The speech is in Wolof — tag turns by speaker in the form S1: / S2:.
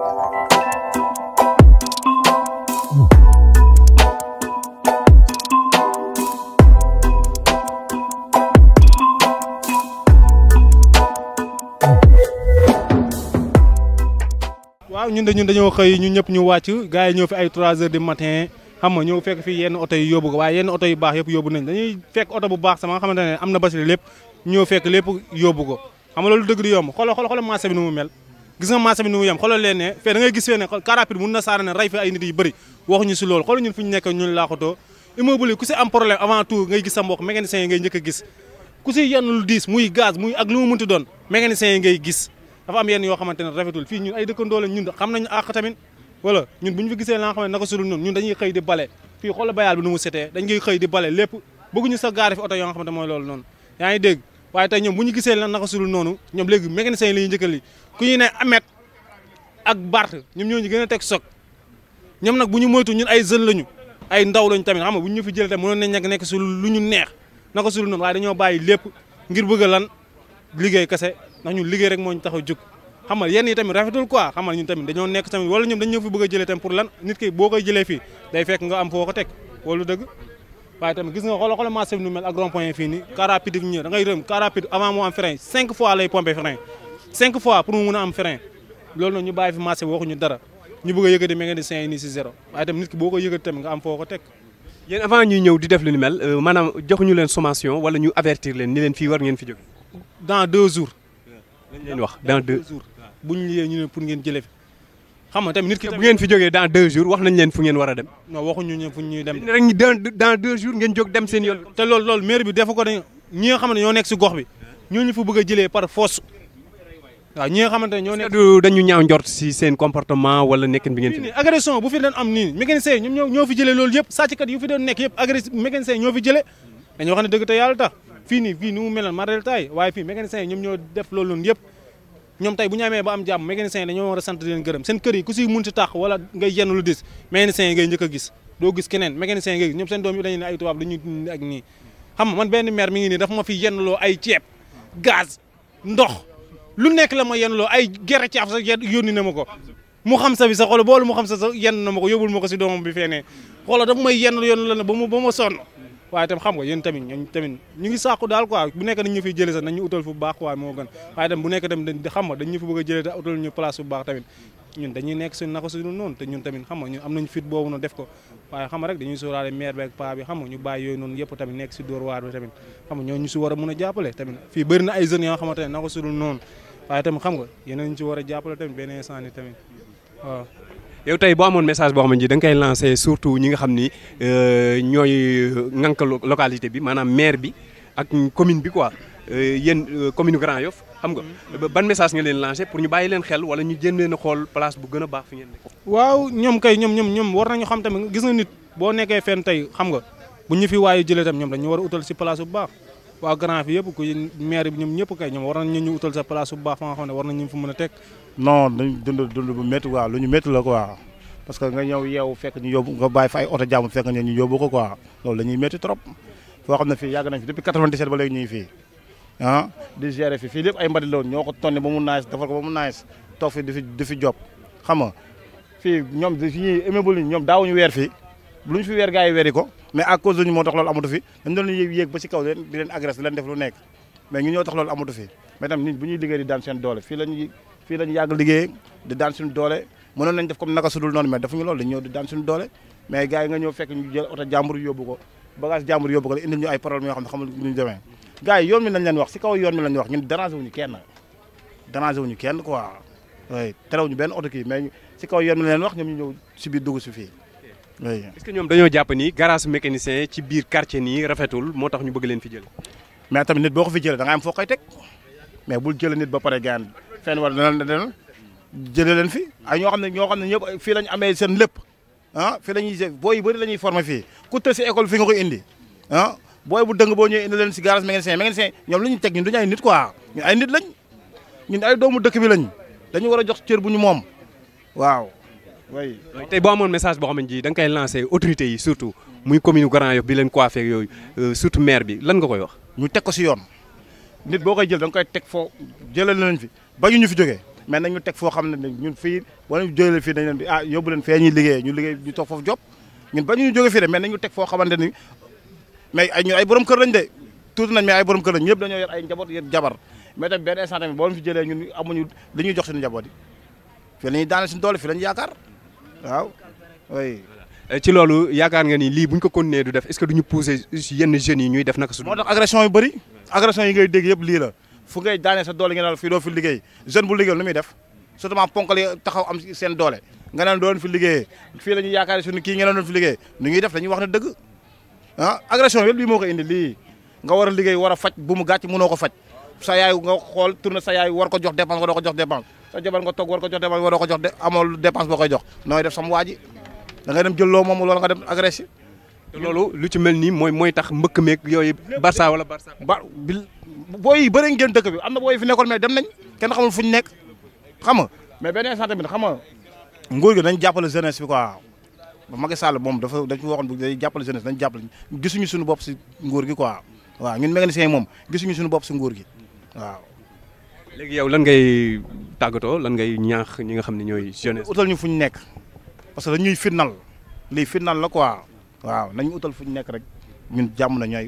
S1: waaw ñun de ñun dañoo xëy ñun ñëpp ñu wàcc gars yi ñëw fi ay 3 heures du matin xam nga ñëw fekk fii yenn oto yi yóbbu ko waaye yenn oto yu baax yëpp yóbbu nañ dañuy fekk oto bu baax sama nga xamante ne am na basile lépp ñëw fekk lépp yóbbu ko xam nga loolu dëgg di yomb xoolal xoolal xoolal marché nu mu mel gis nga marché bi ni mu yem xoolal leen ne fee da gis fee ne car mun na saara ne rey fi ay nit yu bëri waxuñu si loolu xoolal ñun fu ñu nekk ñun laaxatoo immeuble yi ku si am problème avant tout ngay gis sa mbokk mécanicien yi a gis ku si yenn lu diis muy gaz muy ak lu mu mënti doon mécanicien yi ngay gis dafa am yenn yoo ne rafetul fii ñun ay dëkkandoo ñun xam nañu àq tamit wala ñu fi gisee la nga xam ne naka sudul noonu ñun dañuy xëy di bale fii xoolal bayaal bi nu mu setee dañ xëy di bale lépp bëgguñu sa gaare fi waaye tey ñoom bu ñu gisee naka sudul noonu ñoom léegi mécanicien yi la ñuy njëkkal li ku ñuy ne Amet ak Bart ñoom ñoo ñu gën a teg soog ñoom nag bu ñu moytu ñun ay jeunes lañu ay ndaw lañu tamit xam bu ñu fi jëlee tamit mënoon nañ nekk nekk su lu ñu neex naka sudul noonu waaye dañoo bàyyi lépp ngir bëgg lan liggéey kese ndax ñun liggéey rek moo ñu tax a jóg xam nga yenn yi tamit rafetul quoi xam nga ñun tamit dañoo nekk tamit wala ñoom dañ ñoo bëgg jëlee tamit pour lan nit ki boo koy jëlee fii day fekk nga am foo ko teg wala dëgg waaye tamit gis nga xoolal xoolal marché bi nu mel ak rond point fii nii car rapide bi ñëw da ngay rëm car rapide avant moo am frein cinq fois lay pompé frein cinq fois pour mu mun a am frein loolu noonu ñu bàyyi fi marché bi waxuñu dara ñu bëgg a yëkkati mécanicien yi nii si zéro waaye tamit nit ki boo ko yëkkati tamit nga am foo ko teg
S2: yéen avant ñuy ñëw di def lu ni mel euh, maanaam joxuñu leen sommation wala ñu avertir leen ni leen fii war ngeen fi jóge dans leen wax dans deux jours ñu ne pour ngeen jëlee fi xam nga tamit nit ki bu ngeen fi jógee dans deux jours wax nañ leen fu ngeen war a dem. non waxuñu ñu fu ñuy dem. rek
S1: dans deux jours ngeen jóg dem seen yoon. te loolu loolu maire bi defu ko dañ ñi nga xam ne ñoo nekk si gox bi ñooñu fa bëgg a jëlee par force waaw ñi nga xamante ne ñoo nekk.
S2: dañu ñaaw njort si seen comportement wala nekkin bi ngeen fi.
S1: agression bu fi doon am nii mécanicien yi ñoom ñoo fi jëlee loolu yëpp sàcckat yu fi doon nekk yëpp agressif mécanicien yi ñoo fi jëlee dañoo xam ne dëgg te yàlla tax fii nii fii ni mu meloon matériel taay waaye fii mécanicien yi ñoom ñoo def loolu yëpp ñoom tey bu ñu amee ba am jàmm mécanicien yi dañoo war a sant di leen gërëm seen kër yi ku si mun si tax wala ngay yenn lu dis mécanicien yi ngay njëkk a gis doo gis keneen mécanicien yi seen doom yi ay tubaab dañuy dund ak ay ceeb gaz ndox lu nekk la ma loo ay gerte caaf sa yónni na ma ko mu xam sa bi sa xolo boolu mu xam sa sa yenn na ma ko yóbbul ma ko si doomam bi feenee xolo dafa may yenn yenn la na ba ma ba sonn waaye tam xam nga yéen tamit ñoom tamit ñu ngi sàqu daal quoi bu nekk dañ ñu fiy jëlee sax nañ ñu utal fu baax quoi moo gën waaye bu nekk tamit xam nga dañ ñu a jëlee te utal ñu place bu baax tamit ñun dañuy nekk suñ naka ñun tamit am nañ fit boobu noonu def ko waaye xam nga xam nga ñu bàyyi yooyu noonu yëpp tamit nekk si dóor waar bi tamit xam nga ñoo ñu si a mun a jàppale tamit fii bëri na ay jeunes yoo xamante ne naka suñu noonu waaye tamit xam nga yeneen ñu war a jàppale tamit benn instant ni tamit
S2: yow tey boo amoon message boo xam ne da nga koy lancé surtout ñi nga xam ni euh, ñooy ŋànk localité bi maanaam maire bi ak commune bi quoi euh, yéen euh, commune Grand Yoff xam nga mm-hmm. ban message nga leen lancé pour ñu bàyyi leen xel wala ñu jën leen xool place
S1: bu gën a baax fi ngeen nekk. waaw ñoom kay ñoom ñoom ñoom war nañu xam tamit gis nga nit boo nekkee fenn tey xam nga bu ñu fi waayu jëlee tam ñoom dañu war a si place bu baax. waa grand fi yëpp ku maire
S3: bi ñoom ñëpp kay ñoom war nañ ñu utal sa place bu baax fa nga xam ne war nañ ñu fa mën a teg. non dañ dund bu métti quoi lu ñu métti la quoi parce que nga ñëw yeewu fekk ñu yóbbu nga ko la ñuy métti trop foo xam ne fii yàgg nañ fi depuis 97 ba léegi ñuy fii ah di gérer fi fii lépp ay mbadi la ñoo ko tonne ba mu naaj defal ko ba mu naaj toog fi di fi di fi job xam nga fii ñoom fii immeuble ñoom daawuñu weer fii lu ñu fi weer gars yi weeri ko mais à cause de ñu moo tax loolu amatu fi dañ doon leen yéeg def lu nekk mais ñu ñoo tax loolu amatu fi mais tam bu ñuy liggéey di daan seen doole doole mais defuñu yi nga ñëw fekk ñu oto jàmbur yóbbu ko bagage jàmbur yóbbu ko la indil ñu ay problème yoo xam ne ñu demee gars yi yoon mi lañ leen wax si kaw yoon mi lañ benn oto kii mais kaw yoon mi lañ leen wax ñoom ñu ñëw si biir dugg si fii est-ce
S2: que ñoom dañoo jàpp ni garage mécanicien ci biir quartier nii rafetul moo tax ñu bëgg leen fi jël
S3: mais tamit nit boo ko fi jëlee da nga am foo koy teg mais bul jëlee nit ba pare gaan fenn war dana dana jëlee leen fi ay ñoo xam ne ñoo xam ne ñëpp fii lañ amee seen lépp ah fii la ñuy booy yu bëri la ñuy former fii ku tës si école fi nga koy indi ah booy bu dëng boo ñëwee indi leen si garage mécanicien mécanicien ñoom li ñu teg ñun duñu ay nit quoi ñun ay nit lañ ñun ay doomu dëkk bi lañ dañu war a jox cër bu ñu moom waaw oui
S2: tey boo amoon message boo xamante ni da nga koy lancé autorité yi surtout muy commune Grand Yoff bi leen coiffé yooyu euh, surtout maire bi lan nga koy wax.
S3: ñu teg ko si yoon nit boo koy jël da nga koy teg foo jëlee nañ fi ba ñu fi jógee mais nañu teg foo xam ne ñun fii wala ñu jëlee fii dañ leen di ah yóbbu leen fee ñuy liggéeyee ñu liggéey ñu toog foofu job ñun ba ñu jógee fii de mais nañu teg foo xamante ni mais ay ñun ay borom kër lañ de tuuti nañ mais ay borom kër ñëpp dañoo yor ay njaboot yor jabar mais tamit benn instant tamit boo fi jëlee ñun amuñu ñuy jox suñu njaboot yi fii la doole fi lañu yaakaar
S2: waaw oui. Euh, ci loolu yaakaar nga ni lii bu ñu ko continuer du def est-ce que du ñu pousser yenn jeunes yi ñuy def naka su. moo
S3: tax agression yu bëri agression yi ngay dégg yëpp lii la fu ngay daanee sa doole ngeen daal fii doo liggéey jeune bu liggéey lu muy seen doole nga naan doon fi liggéeyee fii la ñu yaakaar suñu kii ngeen doon fi liggéey nu ñuy def dañuy wax ne dëgg ah agression yëpp lii moo ko indi lii nga war a liggéey war a faj bu mu gàcc mënoo ko faj sa yaay nga xool tourné sa yaay war ko jox dépense waroo ko jox dépense sa jabar nga toog war ko jox dépense waroo ko jox amoo dépense boo koy jox nooy def sam waa ji da ngay dem jël loo moom loolu nga dem agressé te loolu lu ci mel nii mooy mooy tax mbëkk meeg yooyu Barça wala Barça ba bi booy yi bëri ngeen dëkk bi am na booy fi nekkoon mais dem nañ kenn xamul fuñ nekk xam nga mais benn instant tamit xam nga nguur gi dañ jàppale jeunesse bi quoi Macky Sall moom dafa dañ waxoon bu day jàppale jeunesse dañ jàppale gisuñu suñu bopp si nguur gi quoi waaw ñun mécanicien yi moom gisuñu suñu bopp si nguur gi
S2: waaw. léegi yow lan ngay tàggatoo lan ngay ñaax ñi nga xam ne ñooy
S3: jeunesse. utal ñu fu ñu nekk parce que dañuy firnal lii firnal la quoi. waaw nañ utal fu ñu nekk rek ñun jàmm na ñooy